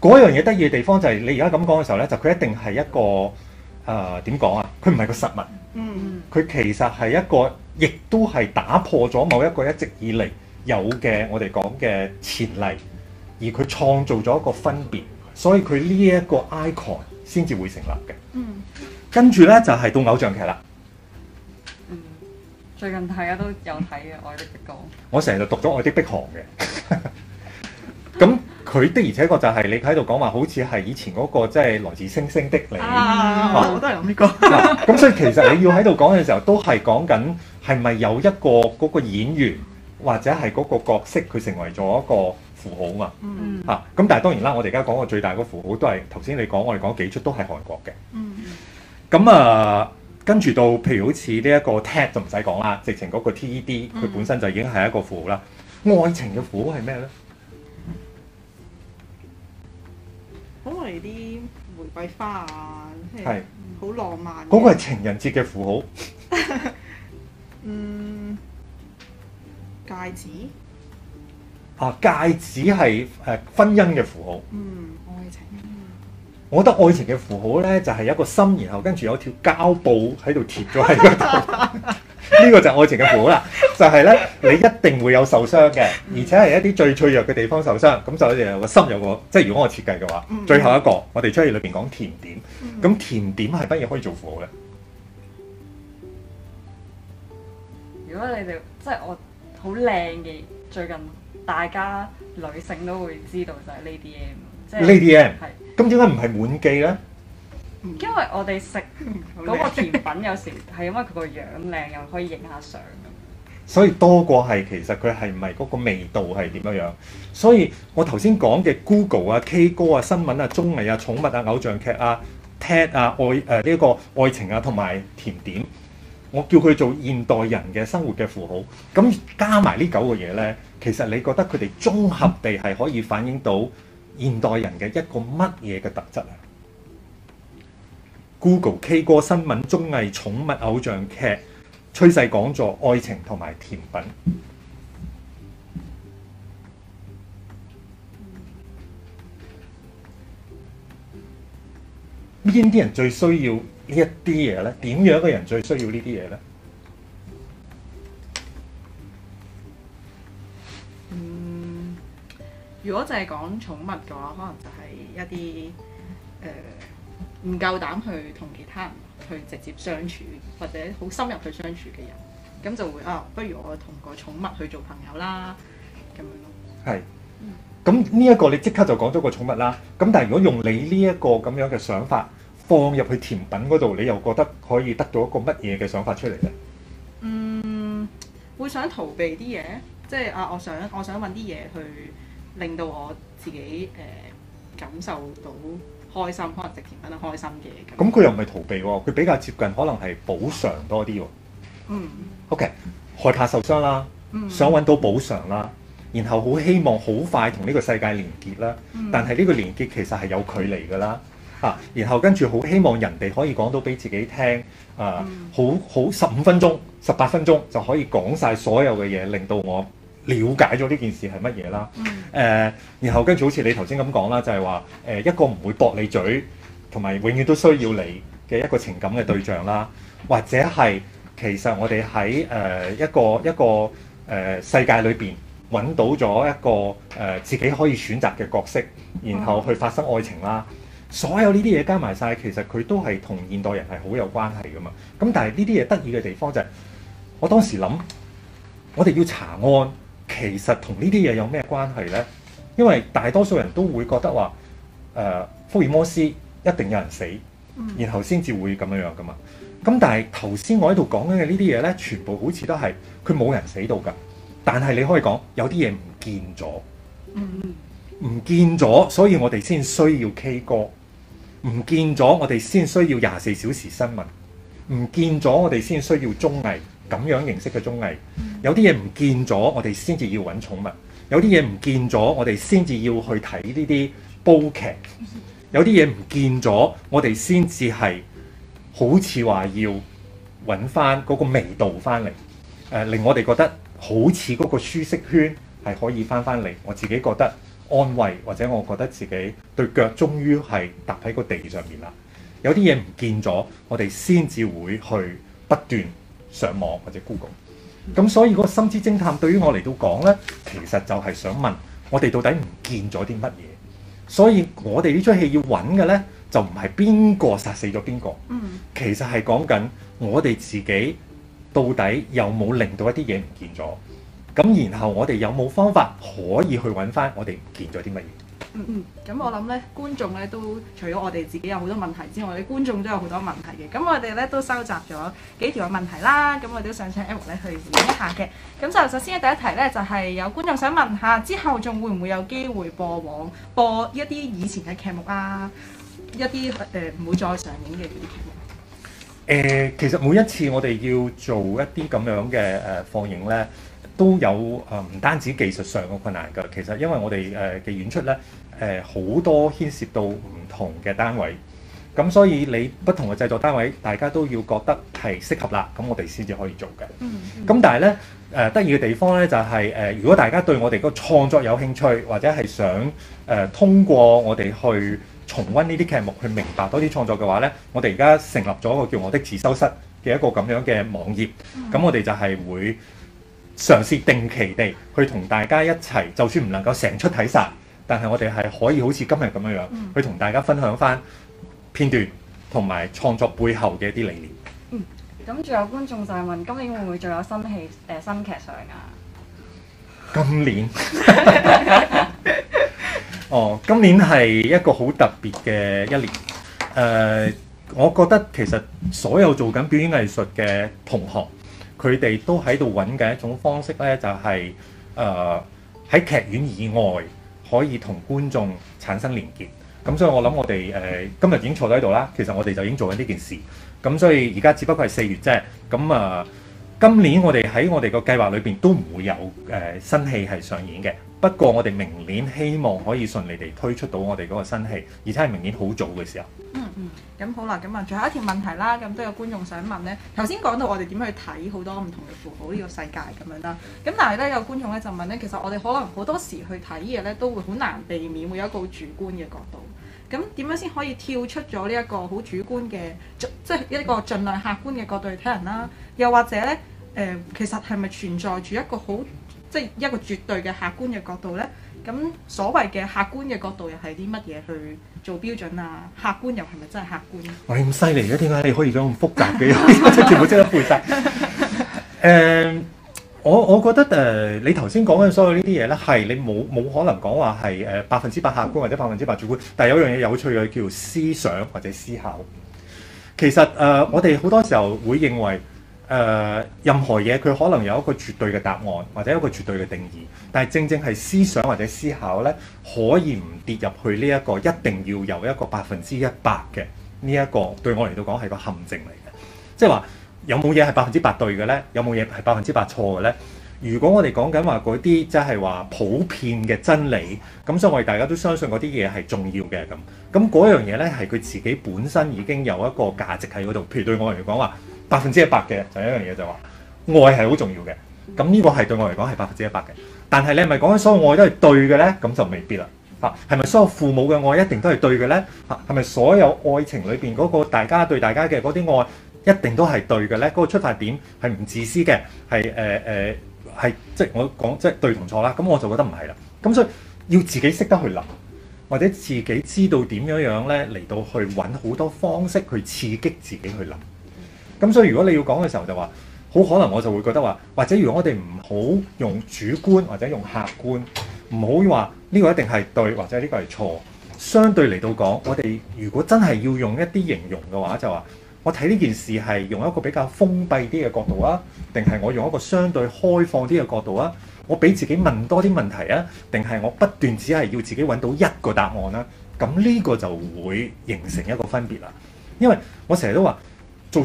[SPEAKER 3] 嗰樣嘢得意嘅地方就係、是、你而家咁講嘅時候咧，就佢一定係一個誒點講啊？佢唔係個實物。嗯，佢其實係一個，亦都係打破咗某一個一直以嚟。有嘅，我哋講嘅潛力，而佢創造咗一個分別，所以佢呢一個 icon 先至會成立嘅。嗯，跟住呢，就係、是、到偶像劇啦、嗯。最近大家都有睇
[SPEAKER 4] 嘅
[SPEAKER 2] 《愛的迫
[SPEAKER 3] 降》，我成日讀咗《愛的迫降》嘅。咁 佢的而且確就係你喺度講話，好似係以前嗰個，即係來自星星的你、啊啊、我都係咁講呢個。咁、 啊、所以其實你要喺度講嘅時候，都係講緊係咪有一個嗰個演員。或者係嗰個角色佢成為咗一個符號嘛、嗯、啊嘛嚇，咁但係當然啦，我哋而家講個最大嗰符號都係頭先你講，我哋講幾出都係韓國嘅。咁、嗯嗯、啊，跟住到譬如好似呢一個 TED 就唔使講啦，直情嗰個 TED 佢本身就已經係一個符號啦。嗯、愛情嘅符號係咩咧？可
[SPEAKER 1] 能係啲玫瑰花啊，係好浪漫。
[SPEAKER 3] 嗰、嗰個係情人節嘅符號。 嗯。戒指啊，戒指係誒婚姻嘅符號。
[SPEAKER 1] 嗯，愛情。嗯、
[SPEAKER 3] 我覺得愛情嘅符號咧，就係、是、一個心，然後跟住有一條膠布喺度貼咗喺嗰度。呢 個就係愛情嘅符號啦，就係、是、咧你一定會有受傷嘅，嗯、而且係一啲最脆弱嘅地方受傷。咁就有一個心有個即係，如果我設計嘅話，嗯嗯最後一個我哋出去裏邊講甜點，咁甜點係乜嘢可以做符號咧？如
[SPEAKER 2] 果你哋即係我。好靚嘅，最近大家女性都會知道就係 Lady M，即係 Lady M。
[SPEAKER 3] 係咁點解唔係滿記咧？
[SPEAKER 2] 因為我哋食嗰個甜品有時係 因為佢個樣靚，又可以影下相。
[SPEAKER 3] 所以多過係其實佢係唔係嗰個味道係點樣樣？所以我頭先講嘅 Google 啊、K 歌啊、新聞啊、綜藝啊、寵物啊、偶像劇啊、Ted 啊、愛誒呢一個愛情啊，同埋甜點。我叫佢做現代人嘅生活嘅符號，咁加埋呢九個嘢呢，其實你覺得佢哋綜合地係可以反映到現代人嘅一個乜嘢嘅特質啊？Google、K 歌、新聞、綜藝、寵物、偶像劇、趨勢講座、愛情同埋甜品，邊啲人最需要？呢一啲嘢咧，點樣一個人最需要呢啲嘢咧？嗯，
[SPEAKER 1] 如果就係講寵物嘅話，可能就係一啲誒唔夠膽去同其他人去直接相處，或者好深入去相處嘅人，咁就會啊，不如我同個寵物去做朋友啦，咁樣咯。係。
[SPEAKER 3] 嗯。咁呢一個你即刻就講咗個寵物啦。咁但係如果用你呢一個咁樣嘅想法，放入去甜品嗰度，你又覺得可以得到一個乜嘢嘅想法出嚟呢？嗯，
[SPEAKER 1] 會想逃避啲嘢，即係啊，我想我想揾啲嘢去令到我自己誒感受到開心，可能食甜品都開心
[SPEAKER 3] 嘅。咁佢又唔係逃避喎，佢比較接近可能係補償多啲喎。嗯。OK，害怕受傷啦，嗯，想揾到補償啦，然後好希望好快同呢個世界連結啦，嗯，但係呢個連結其實係有距離㗎啦。啊、然後跟住好希望人哋可以講到俾自己聽，啊嗯、好好十五分鐘、十八分鐘就可以講晒所有嘅嘢，令到我了解咗呢件事係乜嘢啦、啊。然後跟住好似你頭先咁講啦，就係、是、話、呃、一個唔會駁你嘴，同埋永遠都需要你嘅一個情感嘅對象啦，或者係其實我哋喺、呃、一個一個、呃、世界裏邊揾到咗一個、呃、自己可以選擇嘅角色，然後去發生愛情啦。嗯。所有呢啲嘢加埋晒，其實佢都係同現代人係好有關係噶嘛。咁但係呢啲嘢得意嘅地方就係、是，我當時諗，我哋要查案，其實同呢啲嘢有咩關係咧？因為大多數人都會覺得話，誒、呃、福爾摩斯一定有人死，然後先至會咁樣樣噶嘛。咁但係頭先我喺度講緊嘅呢啲嘢咧，全部好似都係佢冇人死到㗎。但係你可以講有啲嘢唔見咗。嗯。唔見咗，所以我哋先需要 K 歌；唔見咗，我哋先需要廿四小時新聞；唔見咗，我哋先需要綜藝咁樣形式嘅綜藝。有啲嘢唔見咗，我哋先至要揾寵物；有啲嘢唔見咗，我哋先至要去睇呢啲煲劇；有啲嘢唔見咗，我哋先至係好似話要揾翻嗰個味道翻嚟。誒，令我哋覺得好似嗰個舒適圈係可以翻翻嚟。我自己覺得。安慰或者我覺得自己對腳終於係踏喺個地上面啦。有啲嘢唔見咗，我哋先至會去不斷上網或者 Google。咁所以嗰個心之偵探對於我嚟到講呢，其實就係想問我哋到底唔見咗啲乜嘢。所以我哋呢出戲要揾嘅呢，就唔係邊個殺死咗邊個，其實係講緊我哋自己到底有冇令到一啲嘢唔見咗。咁然後我哋有冇方法可以去揾返我哋見咗啲乜嘢？嗯嗯，
[SPEAKER 1] 咁我諗咧，觀眾咧都除咗我哋自己有好多問題之外，咧觀眾都有好多問題嘅。咁我哋咧都收集咗幾條嘅問題啦。咁我哋都想請 Alex 咧去演一下嘅。咁就首先第一題咧，就係、是、有觀眾想問下，之後仲會唔會有機會播往播一啲以前嘅劇目啊？一啲誒唔會再上映嘅啲劇目，
[SPEAKER 3] 誒、呃，其實每一次我哋要做一啲咁樣嘅誒放映咧。都有誒，唔單止技術上嘅困難㗎。其實因為我哋誒嘅演出咧，誒好多牽涉到唔同嘅單位，咁所以你不同嘅製作單位，大家都要覺得係適合啦，咁我哋先至可以做嘅。嗯，咁但係咧誒得意嘅地方咧，就係、是、誒、呃、如果大家對我哋個創作有興趣，或者係想誒、呃、通過我哋去重溫呢啲劇目，去明白多啲創作嘅話咧，我哋而家成立咗一個叫我的自修室嘅一個咁樣嘅網頁，咁我哋就係會。嘗試定期地去同大家一齊，就算唔能夠成出睇晒，但係我哋係可以好似今日咁樣樣，去同大家分享翻片段同埋創作背後嘅一啲理念。咁
[SPEAKER 2] 仲、嗯嗯、有觀眾就係問，今年會唔會仲有新戲誒、呃、新劇上啊？
[SPEAKER 3] 今年， 哦，今年係一個好特別嘅一年。誒、呃，我覺得其實所有做緊表演藝術嘅同學。佢哋都喺度揾緊一種方式呢，就係誒喺劇院以外可以同觀眾產生連結。咁所以我諗我哋誒、呃、今日已經坐咗喺度啦，其實我哋就已經做緊呢件事。咁所以而家只不過係四月啫。咁啊、呃，今年我哋喺我哋個計劃裏邊都唔會有誒、呃、新戲係上演嘅。不過我哋明年希望可以順利地推出到我哋嗰個新戲，而且係明年好早嘅時候。嗯，
[SPEAKER 1] 咁、嗯、好啦，咁啊仲有一條問題啦，咁都有觀眾想問呢，頭先講到我哋點去睇好多唔同嘅符號呢個世界咁樣啦。咁但係呢，有觀眾咧就問呢，其實我哋可能好多時去睇嘢呢，都會好難避免會有一個好主觀嘅角度。咁點樣先可以跳出咗呢、即係、一個好主觀嘅即係一個儘量客觀嘅角度去睇人啦？又或者呢，誒、呃，其實係咪存在住一個好？即係一個絕對嘅客觀嘅角度咧，咁所謂嘅客觀嘅角度又係啲乜嘢去做標準啊？客觀又係咪真係
[SPEAKER 3] 客觀？你咁犀利嘅，點解你可以講咁複雜嘅？全部即刻背曬。誒，我我覺得誒，你頭先講緊所有呢啲嘢咧，係你冇冇可能講話係誒百分之百客觀或者百分之百主觀。但係有樣嘢有趣嘅叫思想或者思考。其實誒，我哋好多時候會認為。誒、呃，任何嘢佢可能有一個絕對嘅答案，或者一個絕對嘅定義。但係正正係思想或者思考咧，可以唔跌入去呢一個一定要有一個百分之一百嘅呢一個對我嚟到講係個陷阱嚟嘅。即係話有冇嘢係百分之百對嘅咧？有冇嘢係百分之百錯嘅咧？如果我哋講緊話嗰啲即係話普遍嘅真理，咁所以我哋大家都相信嗰啲嘢係重要嘅。咁咁嗰樣嘢咧係佢自己本身已經有一個價值喺嗰度。譬如對我嚟講話。百分之一百嘅就一樣嘢就話愛係好重要嘅，咁呢個係對我嚟講係百分之一百嘅。但係你係咪講緊所有愛都係對嘅呢，咁就未必啦。嚇係咪所有父母嘅愛一定都係對嘅呢？嚇係咪所有愛情裏邊嗰個大家對大家嘅嗰啲愛一定都係對嘅呢？嗰個出發點係唔自私嘅，係誒誒係即係我講即係對同錯啦。咁我就覺得唔係啦。咁所以要自己識得去諗，或者自己知道點樣樣呢嚟到去揾好多方式去刺激自己去諗。咁所以如果你要講嘅時候就話，好可能我就會覺得話，或者如果我哋唔好用主觀或者用客觀，唔好話呢個一定係對或者呢個係錯，相對嚟到講，我哋如果真係要用一啲形容嘅話，就話我睇呢件事係用一個比較封閉啲嘅角度啊，定係我用一個相對開放啲嘅角度啊，我俾自己問多啲問題啊，定係我不斷只係要自己揾到一個答案啦，啊，咁呢個就會形成一個分別啦，因為我成日都話。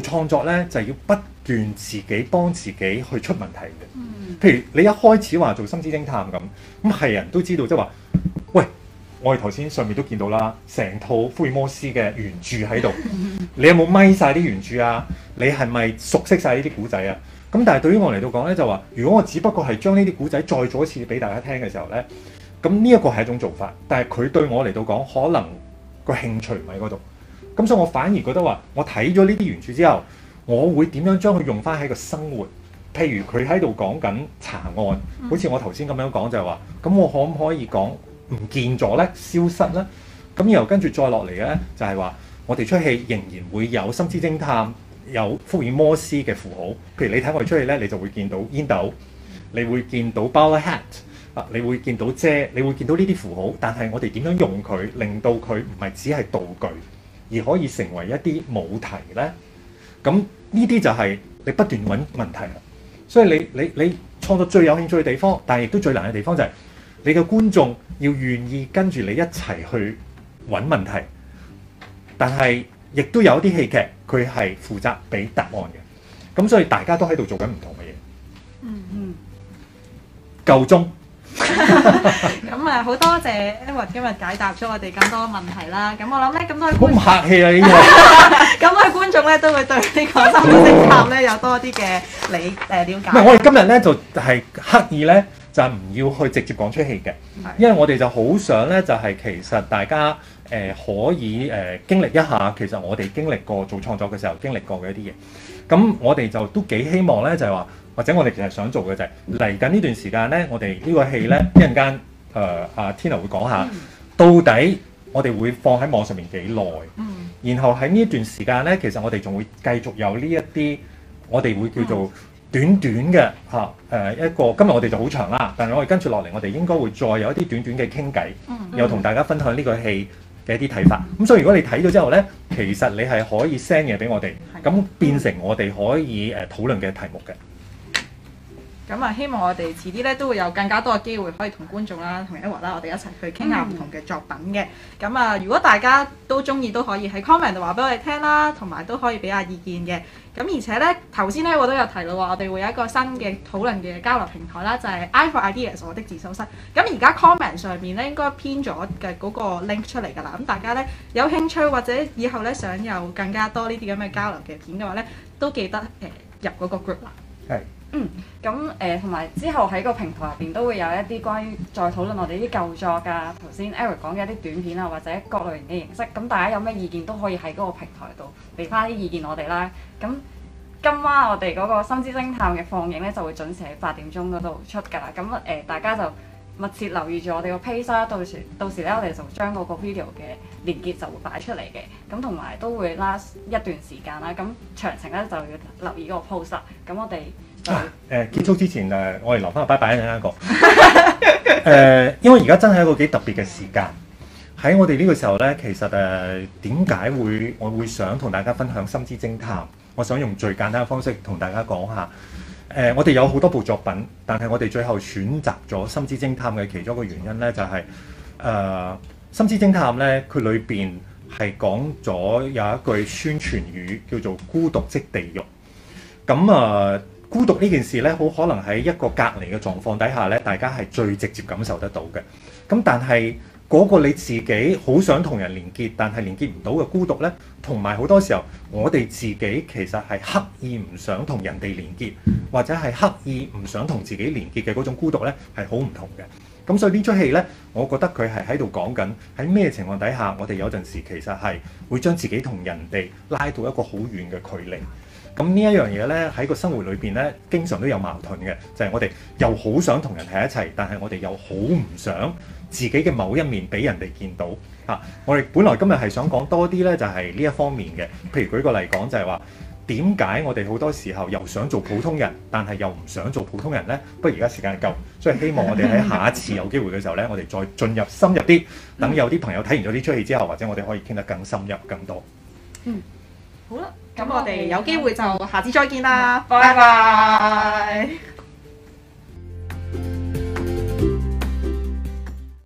[SPEAKER 3] 做創作咧就係要不斷自己幫自己去出問題嘅。譬如你一開始話做心之偵探咁，咁係人都知道即係話，喂，我哋頭先上面都見到啦，成套福爾摩斯嘅原著喺度，你有冇咪晒啲原著啊？你係咪熟悉晒呢啲古仔啊？咁但係對於我嚟到講咧，就話如果我只不過係將呢啲古仔再做一次俾大家聽嘅時候咧，咁呢一個係一種做法，但係佢對我嚟到講，可能個興趣唔喺嗰度。咁所以，我反而覺得話，我睇咗呢啲原著之後，我會點樣將佢用翻喺個生活？譬如佢喺度講緊查案，好似我頭先咁樣講就係話，咁我可唔可以講唔見咗咧、消失咧？咁然後跟住再落嚟嘅咧，就係話我哋出戲仍然會有心之偵探、有福爾摩斯嘅符號。譬如你睇我哋出戲咧，你就會見到煙斗，你會見到 bowler hat 啊，你會見到遮，你會見到呢啲符號。但係我哋點樣用佢，令到佢唔係只係道具？而可以成為一啲母題咧，咁呢啲就係你不斷揾問題啦。所以你你你創作最有興趣嘅地方，但係亦都最難嘅地方就係你嘅觀眾要願意跟住你一齊去揾問題，但係亦都有啲戲劇佢係負責俾答案嘅。咁所以大家都喺度做緊唔同嘅嘢。嗯。嗯嗯，夠鍾。
[SPEAKER 1] 咁啊，好多 謝 Edward 今日解答咗我哋咁多問
[SPEAKER 3] 題啦。咁我諗咧，咁多好客
[SPEAKER 1] 氣啊！咁多位觀眾咧，都會對個呢個心之偵探咧有多啲嘅理誒瞭解。唔係，我哋
[SPEAKER 3] 今日咧就係、是、刻意咧就唔、是、要去直接講出戲嘅，的因為我哋就好想咧就係、是、其實大家誒、呃、可以誒、呃、經歷一下，其實我哋經歷過做創作嘅時候經歷過嘅一啲嘢。咁我哋就都幾希望咧就係、是、話。或者我哋其實想做嘅就係嚟緊呢段時間呢，我哋呢個戲呢，一陣間誒阿天牛會講、呃啊、下到底我哋會放喺網上面幾耐，然後喺呢段時間呢，其實我哋仲會繼續有呢一啲我哋會叫做短短嘅、呃、一個。今日我哋就好長啦，但係我哋跟住落嚟，我哋應該會再有一啲短短嘅傾偈，又同大家分享呢個戲嘅一啲睇法。咁所以如果你睇咗之後呢，其實你係可以 send 嘢俾我哋，咁變成我哋可以、呃、討論嘅題目嘅。
[SPEAKER 1] 咁啊，希望我哋遲啲咧都會有更加多嘅機會，可以同觀眾啦、同奕華啦，我哋一齊去傾下唔同嘅作品嘅。咁啊、嗯，如果大家都中意都可以喺 comment 度話俾我哋聽啦，同埋都可以俾下意見嘅。咁而且呢，頭先呢我都有提到話，我哋會有一個新嘅討論嘅交流平台啦，就係、是、iPhone Ideas 我的自修室。咁而家 comment 上面咧應該編咗嘅嗰個 link 出嚟㗎啦。咁大家呢，有興趣或者以後呢想有更加多呢啲咁嘅交流嘅片嘅話呢，都記得誒、呃、入嗰個 group 啦。係。
[SPEAKER 2] 嗯，咁誒，同埋之後喺個平台入邊都會有一啲關於再討論我哋啲舊作啊，頭先 Eric 講嘅一啲短片啊，或者各類型嘅形式，咁大家有咩意見都可以喺嗰個平台度俾翻啲意見我哋啦。咁今晚我哋嗰個《心之偵探》嘅放映呢，就會準時喺八點鐘嗰度出㗎啦。咁、呃、大家就密切留意住我哋個 page 啦、啊。到時到時呢我哋就將嗰個 video 嘅連結就會擺出嚟嘅。咁同埋都會 last 一段時間啦、啊。咁詳情呢，就要留意個 post、啊。咁我哋。
[SPEAKER 3] 啊！誒結束之前誒，我哋留翻個拜拜啦，大家好。誒，因為而家真係一個幾特別嘅時間，喺我哋呢個時候呢，其實誒點解會我會想同大家分享《心之偵探》？我想用最簡單嘅方式同大家講下。誒、呃，我哋有好多部作品，但係我哋最後選擇咗《心之偵探》嘅其中一個原因呢，就係、是、誒《心、呃、之偵探》呢。佢裏邊係講咗有一句宣傳語叫做「孤獨即地獄」。咁、呃、啊～孤獨呢件事呢，好可能喺一個隔離嘅狀況底下呢，大家係最直接感受得到嘅。咁但係嗰個你自己好想同人連結，但係連結唔到嘅孤獨呢，同埋好多時候我哋自己其實係刻意唔想同人哋連結，或者係刻意唔想同自己連結嘅嗰種孤獨呢，係好唔同嘅。咁所以呢出戲呢，我覺得佢係喺度講緊喺咩情況底下，我哋有陣時其實係會將自己同人哋拉到一個好遠嘅距離。咁呢一樣嘢呢，喺個生活裏面呢，經常都有矛盾嘅，就係、是、我哋又好想同人喺一齊，但係我哋又好唔想自己嘅某一面俾人哋見到、啊、我哋本來今日係想講多啲呢，就係、是、呢一方面嘅。譬如舉個例講，就係話點解我哋好多時候又想做普通人，但係又唔想做普通人呢？不過而家時間夠，所以希望我哋喺下一次有機會嘅時候呢，我哋再進入深入啲，等有啲朋友睇完咗呢出戲之後，或者我哋可以傾得更深入更多。嗯。
[SPEAKER 1] 好啦，咁我哋有機會就下次再見啦，拜拜。拜拜拜拜。